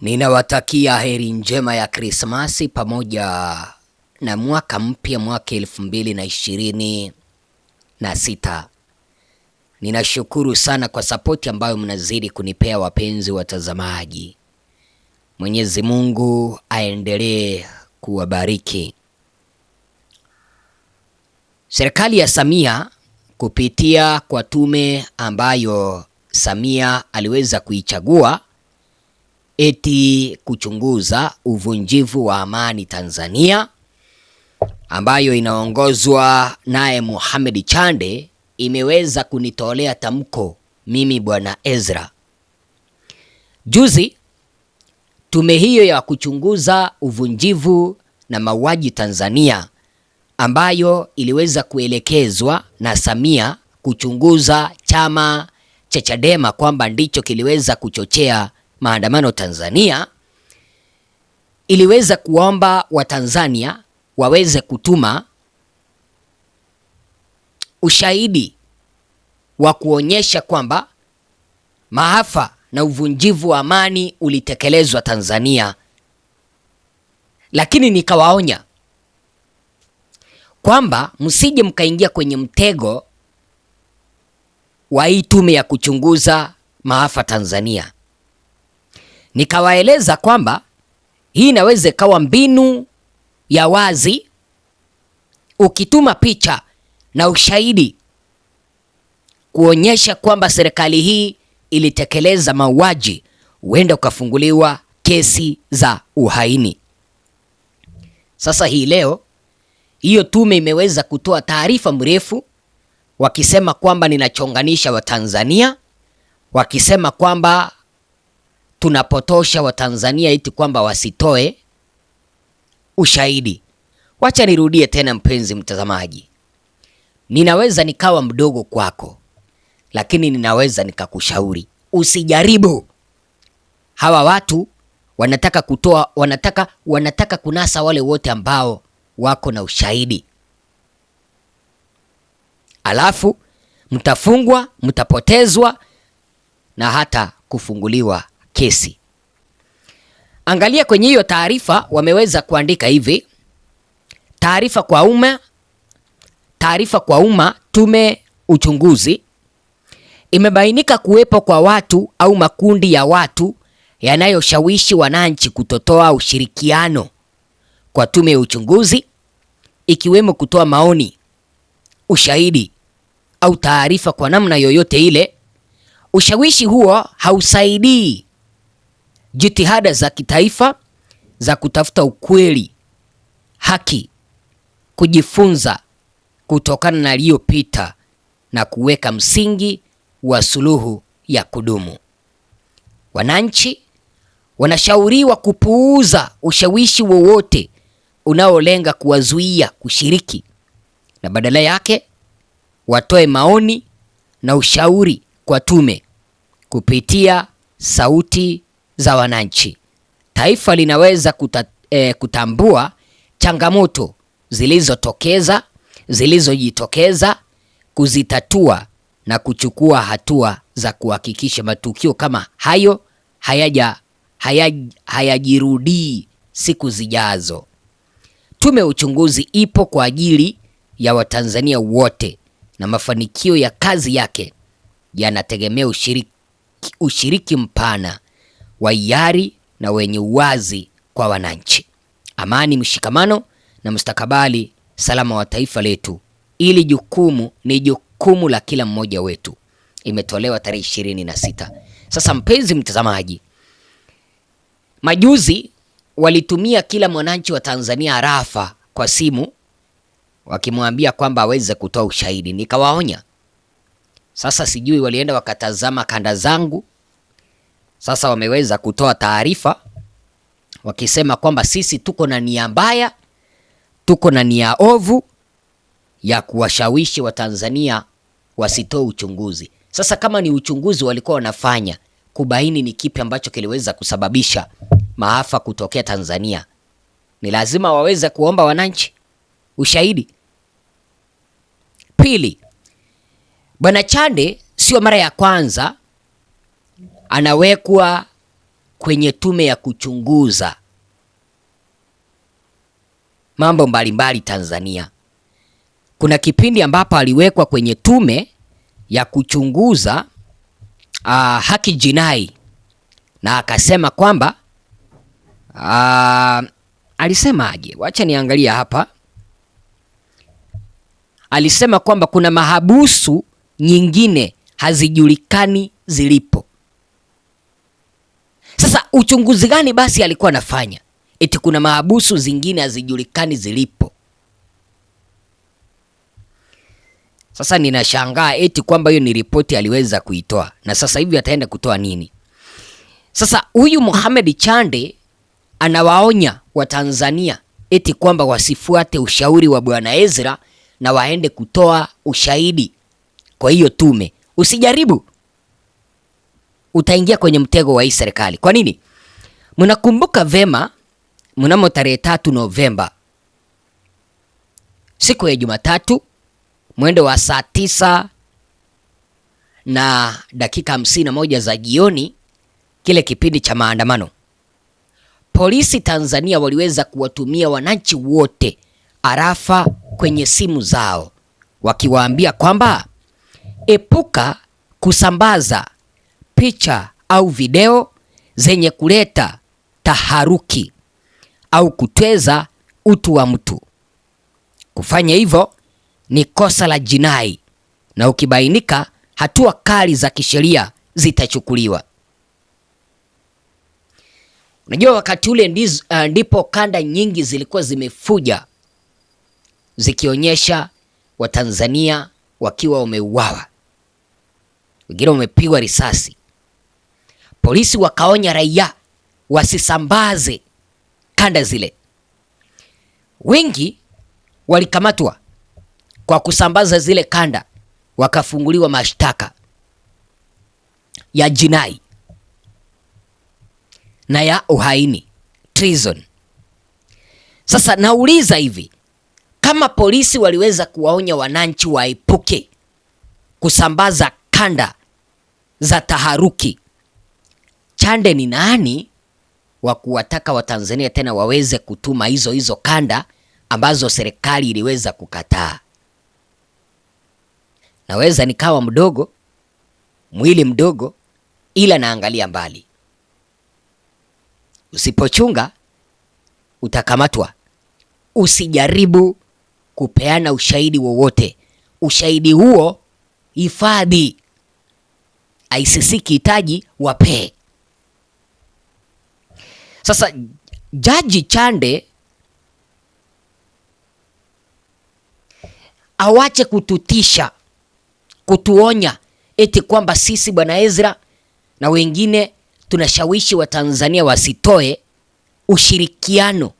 Ninawatakia heri njema ya Krismasi pamoja na mwaka mpya mwaka elfu mbili na ishirini na sita. Ninashukuru sana kwa sapoti ambayo mnazidi kunipea wapenzi watazamaji. Mwenyezi Mungu aendelee kuwabariki. Serikali ya Samia kupitia kwa tume ambayo Samia aliweza kuichagua eti kuchunguza uvunjivu wa amani Tanzania ambayo inaongozwa naye Mohamed Chande imeweza kunitolea tamko mimi bwana Ezra. Juzi tume hiyo ya kuchunguza uvunjivu na mauaji Tanzania ambayo iliweza kuelekezwa na Samia kuchunguza chama cha Chadema kwamba ndicho kiliweza kuchochea maandamano Tanzania iliweza kuomba Watanzania waweze kutuma ushahidi wa kuonyesha kwamba maafa na uvunjivu wa amani ulitekelezwa Tanzania, lakini nikawaonya kwamba msije mkaingia kwenye mtego wa hii tume ya kuchunguza maafa Tanzania. Nikawaeleza kwamba hii inaweza ikawa mbinu ya wazi, ukituma picha na ushahidi kuonyesha kwamba serikali hii ilitekeleza mauaji, huenda ukafunguliwa kesi za uhaini. Sasa hii leo hiyo tume imeweza kutoa taarifa mrefu wakisema kwamba ninachonganisha Watanzania, wakisema kwamba tunapotosha Watanzania eti kwamba wasitoe ushahidi. Wacha nirudie tena, mpenzi mtazamaji, ninaweza nikawa mdogo kwako, lakini ninaweza nikakushauri usijaribu. Hawa watu wanataka kutoa, wanataka, wanataka kunasa wale wote ambao wako na ushahidi, alafu mtafungwa, mtapotezwa na hata kufunguliwa kesi. Angalia kwenye hiyo taarifa wameweza kuandika hivi: taarifa kwa umma, taarifa kwa umma, tume uchunguzi imebainika kuwepo kwa watu au makundi ya watu yanayoshawishi wananchi kutotoa ushirikiano kwa tume ya uchunguzi, ikiwemo kutoa maoni, ushahidi au taarifa kwa namna yoyote ile. Ushawishi huo hausaidii jitihada za kitaifa za kutafuta ukweli, haki, kujifunza kutokana na aliyopita na kuweka msingi wa suluhu ya kudumu. Wananchi wanashauriwa kupuuza ushawishi wowote unaolenga kuwazuia kushiriki na badala yake watoe maoni na ushauri kwa tume kupitia Sauti za wananchi. Taifa linaweza kuta, e, kutambua changamoto zilizotokeza zilizojitokeza kuzitatua na kuchukua hatua za kuhakikisha matukio kama hayo hayaja hayajirudii siku zijazo. Tume ya uchunguzi ipo kwa ajili ya Watanzania wote na mafanikio ya kazi yake yanategemea ushiriki, ushiriki mpana wa hiari na wenye uwazi kwa wananchi, amani, mshikamano na mustakabali salama wa taifa letu. Ili jukumu ni jukumu la kila mmoja wetu. Imetolewa tarehe ishirini na sita. Sasa mpenzi mtazamaji, majuzi walitumia kila mwananchi wa Tanzania arafa kwa simu wakimwambia kwamba aweze kutoa ushahidi, nikawaonya. Sasa sijui walienda wakatazama kanda zangu sasa wameweza kutoa taarifa wakisema kwamba sisi tuko na nia mbaya, tuko na nia ovu ya kuwashawishi Watanzania wasitoe uchunguzi. Sasa kama ni uchunguzi walikuwa wanafanya kubaini ni kipi ambacho kiliweza kusababisha maafa kutokea Tanzania, ni lazima waweze kuomba wananchi ushahidi. Pili, Bwana Chande sio mara ya kwanza anawekwa kwenye tume ya kuchunguza mambo mbalimbali mbali Tanzania. Kuna kipindi ambapo aliwekwa kwenye tume ya kuchunguza uh, haki jinai na akasema kwamba uh, alisemaje? Wacha niangalia hapa. Alisema kwamba kuna mahabusu nyingine hazijulikani zilipo uchunguzi gani basi alikuwa anafanya? Eti kuna mahabusu zingine hazijulikani zilipo. Sasa ninashangaa eti kwamba hiyo ni ripoti aliweza kuitoa na sasa hivi ataenda kutoa nini? Sasa huyu Mohamed Chande anawaonya Watanzania eti kwamba wasifuate ushauri wa Bwana Ezra na waende kutoa ushahidi kwa hiyo tume. Usijaribu utaingia kwenye mtego wa hii serikali. Kwa nini? Mnakumbuka vema, mnamo tarehe tatu Novemba, siku ya Jumatatu, mwendo wa saa tisa na dakika hamsini na moja za jioni, kile kipindi cha maandamano, polisi Tanzania waliweza kuwatumia wananchi wote arafa kwenye simu zao, wakiwaambia kwamba epuka kusambaza picha au video zenye kuleta taharuki au kutweza utu wa mtu. Kufanya hivyo ni kosa la jinai na ukibainika, hatua kali za kisheria zitachukuliwa. Unajua, wakati ule ndiz, uh, ndipo kanda nyingi zilikuwa zimefuja zikionyesha Watanzania wakiwa wameuawa, wengine wamepigwa risasi, Polisi wakaonya raia wasisambaze kanda zile. Wengi walikamatwa kwa kusambaza zile kanda, wakafunguliwa mashtaka ya jinai na ya uhaini treason. Sasa nauliza hivi, kama polisi waliweza kuwaonya wananchi waepuke kusambaza kanda za taharuki Chande ni nani wa kuwataka Watanzania tena waweze kutuma hizo hizo kanda ambazo serikali iliweza kukataa. Naweza nikawa mdogo, mwili mdogo, ila naangalia mbali. Usipochunga utakamatwa. Usijaribu kupeana ushahidi wowote. Ushahidi huo hifadhi ICC, kihitaji wapee sasa Jaji Chande awache kututisha, kutuonya eti kwamba sisi bwana Ezra na wengine tunashawishi Watanzania wasitoe ushirikiano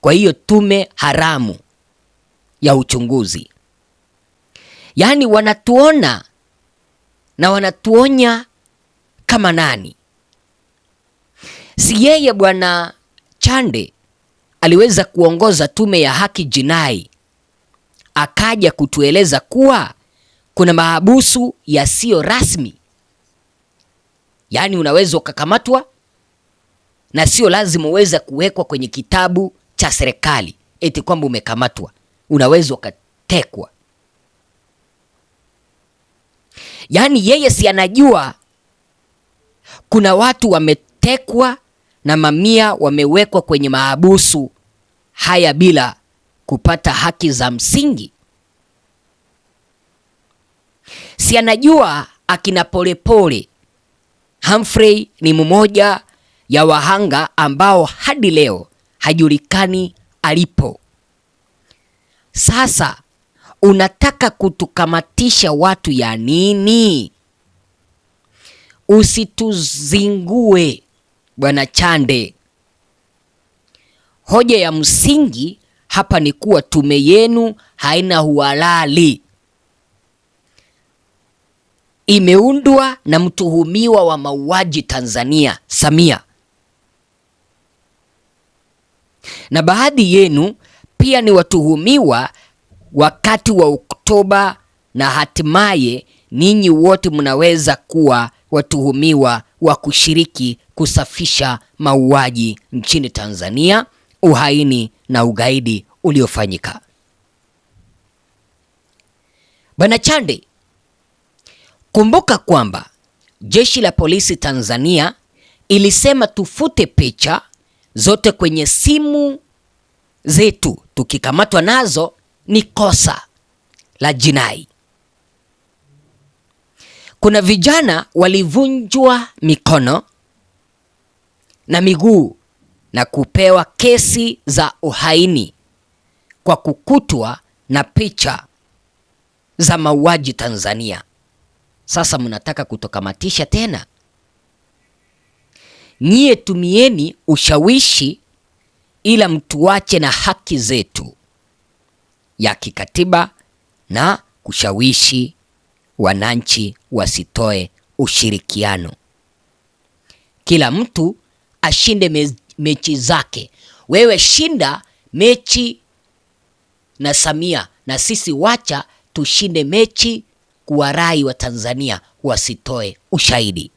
kwa hiyo tume haramu ya uchunguzi. Yaani wanatuona na wanatuonya kama nani? Si yeye Bwana Chande aliweza kuongoza tume ya haki jinai, akaja kutueleza kuwa kuna mahabusu yasiyo rasmi, yaani unaweza ukakamatwa na sio lazima uweze kuwekwa kwenye kitabu cha serikali eti kwamba umekamatwa, unaweza ukatekwa. Yaani yeye si anajua kuna watu wametekwa na mamia wamewekwa kwenye maabusu haya bila kupata haki za msingi. Si anajua akina Polepole Humphrey ni mmoja ya wahanga ambao hadi leo hajulikani alipo. Sasa unataka kutukamatisha watu ya nini? Usituzingue. Bwana Chande, hoja ya msingi hapa ni kuwa tume yenu haina uhalali, imeundwa na mtuhumiwa wa mauaji Tanzania Samia, na baadhi yenu pia ni watuhumiwa wakati wa Oktoba, na hatimaye ninyi wote mnaweza kuwa watuhumiwa wa kushiriki kusafisha mauaji nchini Tanzania, uhaini na ugaidi uliofanyika. Bwana Chande, kumbuka kwamba jeshi la polisi Tanzania ilisema tufute picha zote kwenye simu zetu, tukikamatwa nazo ni kosa la jinai. Kuna vijana walivunjwa mikono na miguu na kupewa kesi za uhaini kwa kukutwa na picha za mauaji Tanzania. Sasa mnataka kutokamatisha tena? Nyie tumieni ushawishi, ila mtuache na haki zetu ya kikatiba na kushawishi wananchi wasitoe ushirikiano. Kila mtu ashinde me, mechi zake. Wewe shinda mechi na Samia, na sisi wacha tushinde mechi kuwarai wa Tanzania wasitoe ushahidi.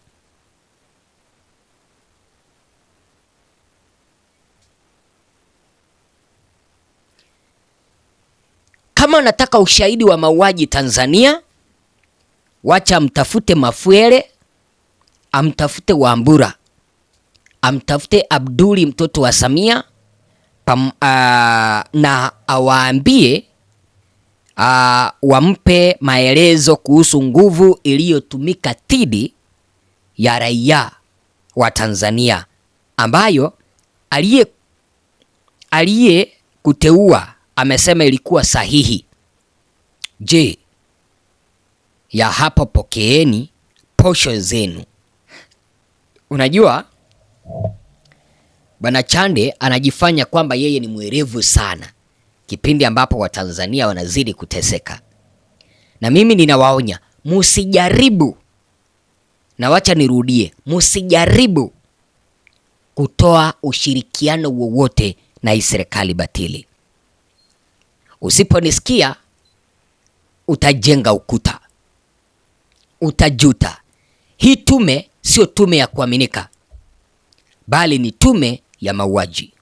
Kama unataka ushahidi wa mauaji Tanzania, wacha amtafute Mafuele, amtafute Wambura amtafute Abduli mtoto wa Samia pam, a, ah, na awaambie a, ah, wampe maelezo kuhusu nguvu iliyotumika dhidi ya raia wa Tanzania ambayo aliye aliye kuteua amesema ilikuwa sahihi. Je, ya hapo pokeeni posho zenu. Unajua Bwana Chande anajifanya kwamba yeye ni mwerevu sana, kipindi ambapo Watanzania wanazidi kuteseka. Na mimi ninawaonya musijaribu, na wacha nirudie, musijaribu kutoa ushirikiano wowote na hii serikali batili. Usiponisikia utajenga ukuta, utajuta. Hii tume sio tume ya kuaminika bali ni tume ya mauaji.